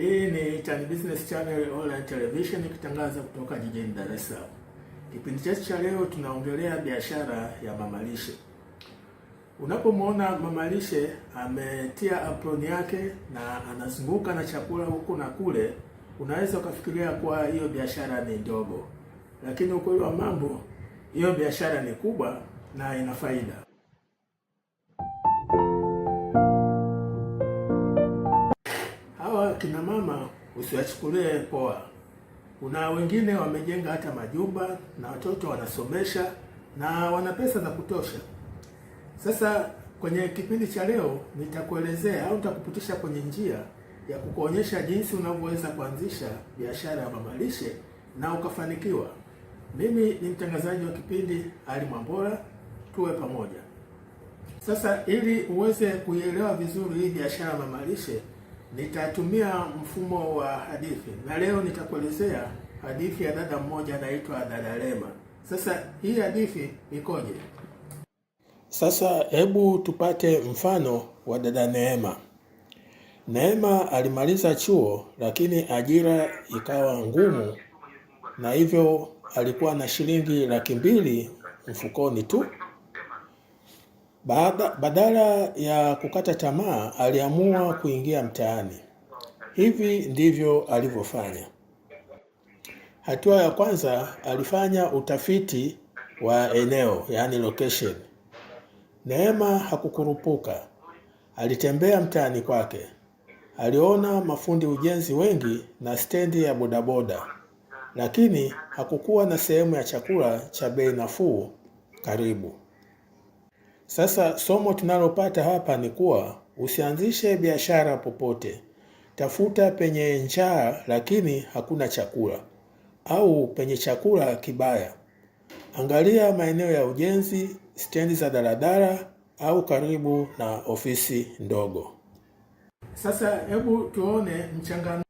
Hii ni Tan Business Channel online television ikitangaza kutoka jijini Dar es Salaam. Kipindi chetu cha leo tunaongelea biashara ya mamalishe. Unapomwona mamalishe ametia aproni yake na anazunguka na chakula huku na kule, unaweza ukafikiria kuwa hiyo biashara ni ndogo, lakini ukweli wa mambo hiyo biashara ni kubwa na ina faida. usiwachukulie poa. Kuna wengine wamejenga hata majumba na watoto wanasomesha na wana pesa za kutosha. Sasa kwenye kipindi cha leo nitakuelezea au nitakupitisha kwenye njia ya kukuonyesha jinsi unavyoweza kuanzisha biashara ya mamalishe na ukafanikiwa. Mimi ni mtangazaji wa kipindi Ali Mwambola, tuwe pamoja. Sasa ili uweze kuielewa vizuri hii biashara ya mamalishe Nitatumia mfumo wa hadithi na leo nitakuelezea hadithi ya dada mmoja anaitwa dada rema Sasa hii hadithi ikoje? Sasa hebu tupate mfano wa dada Neema. Neema alimaliza chuo lakini ajira ikawa ngumu, na hivyo alikuwa na shilingi laki mbili mfukoni tu. Badala ya kukata tamaa, aliamua kuingia mtaani. Hivi ndivyo alivyofanya. Hatua ya kwanza, alifanya utafiti wa eneo, yaani location. Neema hakukurupuka, alitembea mtaani kwake. Aliona mafundi ujenzi wengi na stendi ya bodaboda, lakini hakukuwa na sehemu ya chakula cha bei nafuu karibu. Sasa somo tunalopata hapa ni kuwa usianzishe biashara popote, tafuta penye njaa lakini hakuna chakula, au penye chakula kibaya. Angalia maeneo ya ujenzi, stendi za daladala, au karibu na ofisi ndogo. Sasa hebu tuone mchanganuo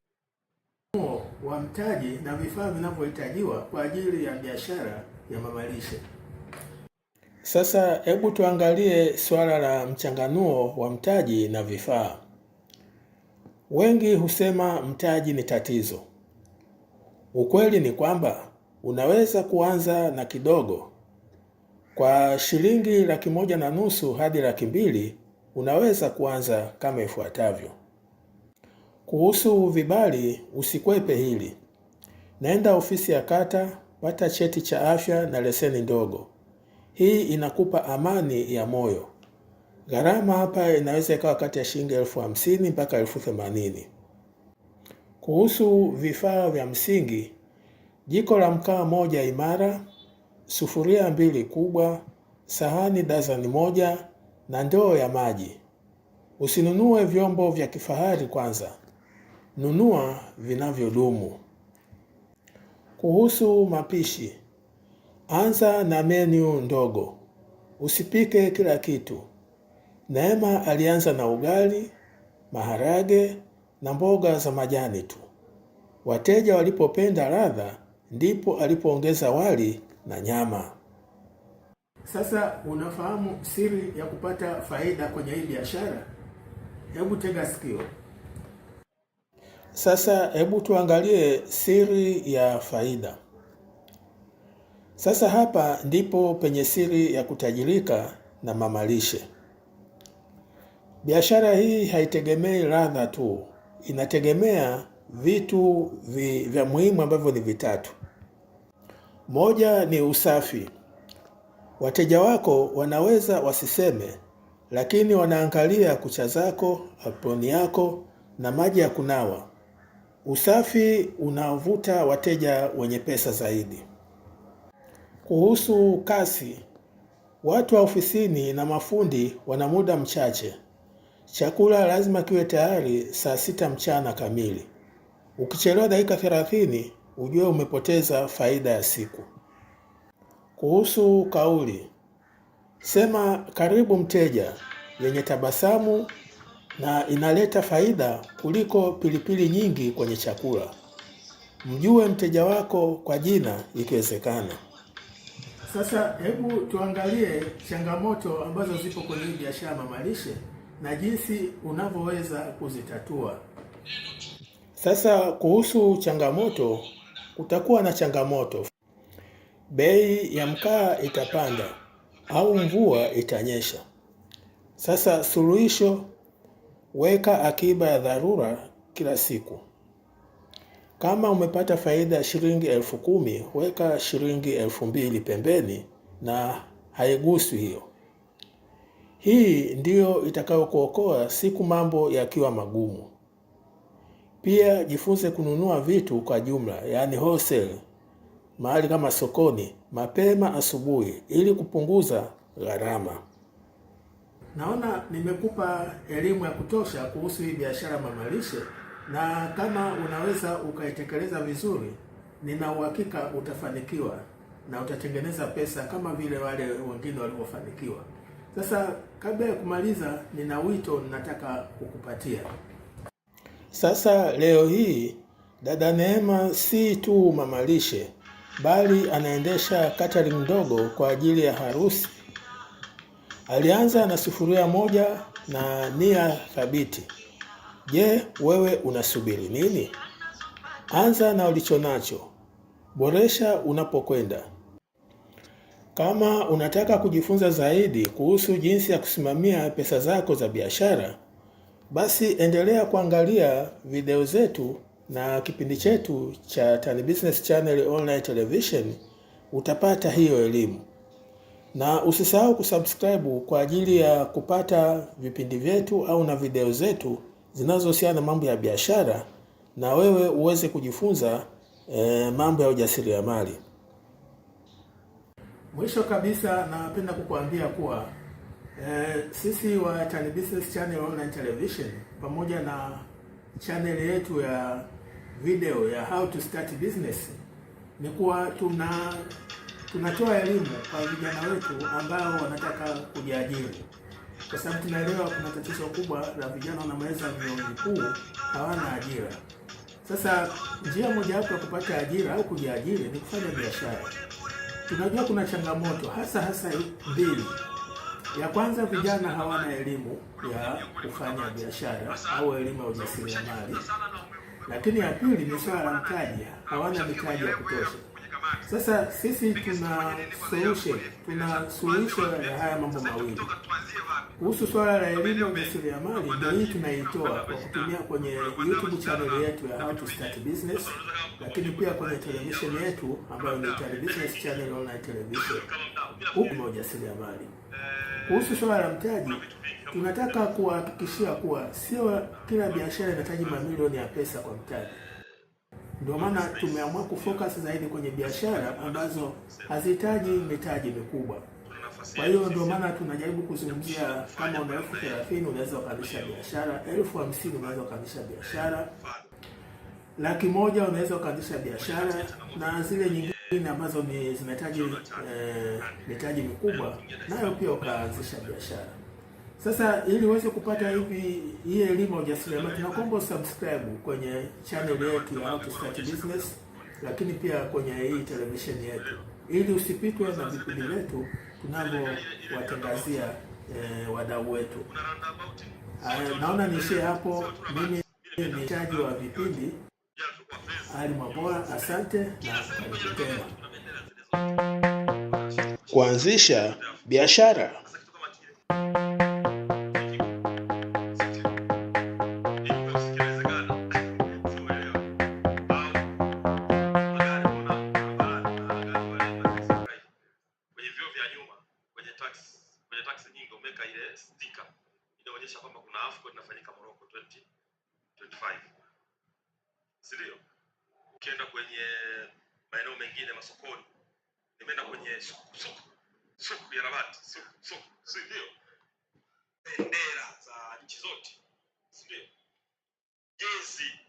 wa mtaji na vifaa vinavyohitajiwa kwa ajili ya biashara ya mamalishe. Sasa hebu tuangalie suala la mchanganuo wa mtaji na vifaa. Wengi husema mtaji ni tatizo. Ukweli ni kwamba unaweza kuanza na kidogo. Kwa shilingi laki moja na nusu hadi laki mbili unaweza kuanza kama ifuatavyo. Kuhusu vibali, usikwepe hili. Naenda ofisi ya kata, pata cheti cha afya na leseni ndogo. Hii inakupa amani ya moyo. Gharama hapa inaweza ikawa kati ya shilingi elfu hamsini mpaka elfu themanini. Kuhusu vifaa vya msingi, jiko la mkaa moja imara, sufuria mbili kubwa, sahani dazani moja na ndoo ya maji. Usinunue vyombo vya kifahari kwanza, nunua vinavyodumu. Kuhusu mapishi, Anza na menu ndogo, usipike kila kitu. Neema alianza na ugali, maharage na mboga za majani tu. Wateja walipopenda ladha, ndipo alipoongeza wali na nyama. Sasa unafahamu siri ya kupata faida kwenye hii biashara? Hebu tega sikio. Sasa hebu tuangalie siri ya faida. Sasa hapa ndipo penye siri ya kutajirika na mamalishe. Biashara hii haitegemei ladha tu, inategemea vitu vi, vya muhimu ambavyo ni vitatu. Moja ni usafi. Wateja wako wanaweza wasiseme, lakini wanaangalia kucha zako, aproni yako na maji ya kunawa. Usafi unavuta wateja wenye pesa zaidi. Kuhusu kasi, watu wa ofisini na mafundi wana muda mchache. Chakula lazima kiwe tayari saa sita mchana kamili. Ukichelewa dakika thelathini, ujue umepoteza faida ya siku. Kuhusu kauli, sema karibu mteja yenye tabasamu na inaleta faida kuliko pilipili nyingi kwenye chakula. Mjue mteja wako kwa jina ikiwezekana. Sasa hebu tuangalie changamoto ambazo zipo kwenye hii biashara mamalishe na jinsi unavyoweza kuzitatua. Sasa kuhusu changamoto, kutakuwa na changamoto. Bei ya mkaa itapanda au mvua itanyesha. Sasa suluhisho, weka akiba ya dharura kila siku. Kama umepata faida ya shilingi elfu kumi weka shilingi elfu mbili pembeni na haiguswi hiyo. Hii ndiyo itakayokuokoa siku mambo yakiwa magumu. Pia jifunze kununua vitu kwa jumla, yaani wholesale, mahali kama sokoni mapema asubuhi ili kupunguza gharama. Naona nimekupa elimu ya kutosha kuhusu hii biashara mamalishe na kama unaweza ukaitekeleza vizuri, nina uhakika utafanikiwa na utatengeneza pesa kama vile wale wengine walivyofanikiwa. Sasa kabla ya kumaliza, nina wito ninataka kukupatia sasa. Leo hii dada Neema si tu mamalishe, bali anaendesha katari ndogo kwa ajili ya harusi. Alianza na sufuria moja na nia thabiti. Je, wewe unasubiri nini? Anza na ulicho nacho, boresha unapokwenda. Kama unataka kujifunza zaidi kuhusu jinsi ya kusimamia pesa zako za biashara, basi endelea kuangalia video zetu na kipindi chetu cha Tan Business Channel Online Television, utapata hiyo elimu. Na usisahau kusubscribe kwa ajili ya kupata vipindi vyetu au na video zetu zinazohusiana na mambo ya biashara na wewe uweze kujifunza e, mambo ya ujasiriamali. Mwisho kabisa, napenda kukuambia kuwa e, sisi wa Tan Business Channel Online Television pamoja na channel yetu ya video ya how to start business ni kuwa tuna tunatoa elimu kwa vijana wetu ambao wanataka kujiajiri kwa sababu tunaelewa kuna tatizo kubwa la vijana wanamaliza vyuo vikuu hawana ajira. Sasa njia mojawapo ya kupata ajira au kujiajiri ni kufanya biashara. Tunajua kuna changamoto hasa hasa mbili. Ya kwanza, vijana hawana elimu ya kufanya biashara au elimu ya ujasiriamali, lakini ya pili ni swala la mtaji, hawana mitaji ya kutosha. Sasa sisi tuna solution, tuna solution ya haya mambo mawili kuhusu swala la elimu ujasiriamali, na hii tunaitoa kwa kutumia kwenye YouTube channel yetu ya How to Start Business, lakini pia kwenye televisheni yetu ambayo ni Tari Business Channel online television, huku na ujasiriamali. Kuhusu swala la mtaji, tunataka kuwahakikishia kuwa sio kila biashara inahitaji mamilioni ya pesa kwa mtaji. Ndio maana tumeamua kufocus zaidi kwenye biashara ambazo hazihitaji mitaji mikubwa. Kwa hiyo ndio maana tunajaribu kuzungumzia, kama una elfu thelathini unaweza ukaanzisha biashara, elfu hamsini unaweza ukaanzisha biashara, laki moja unaweza ukaanzisha biashara, na zile nyingine ambazo ni zinahitaji eh, mitaji mikubwa, nayo pia ukaanzisha biashara. Sasa ili uweze kupata hivi hii elimu ya ujasiriamali, tunakuomba subscribe kwenye channel yetu ya How to Start Business, lakini pia kwenye hii televisheni yetu, ili usipitwe na vipindi vyetu tunavyowatangazia eh, wadau wetu. Naona niishie hapo. Mimi ni mtaji wa vipindi Ali Mwabola, asante na karibu tena. Kuanzisha biashara Morocco 2025 si ndio? Ukienda kwenye maeneo mengine masokoni, nimeenda kwenye soko ya Rabat, soko si ndio? Bendera za nchi zote, si ndio? Jezi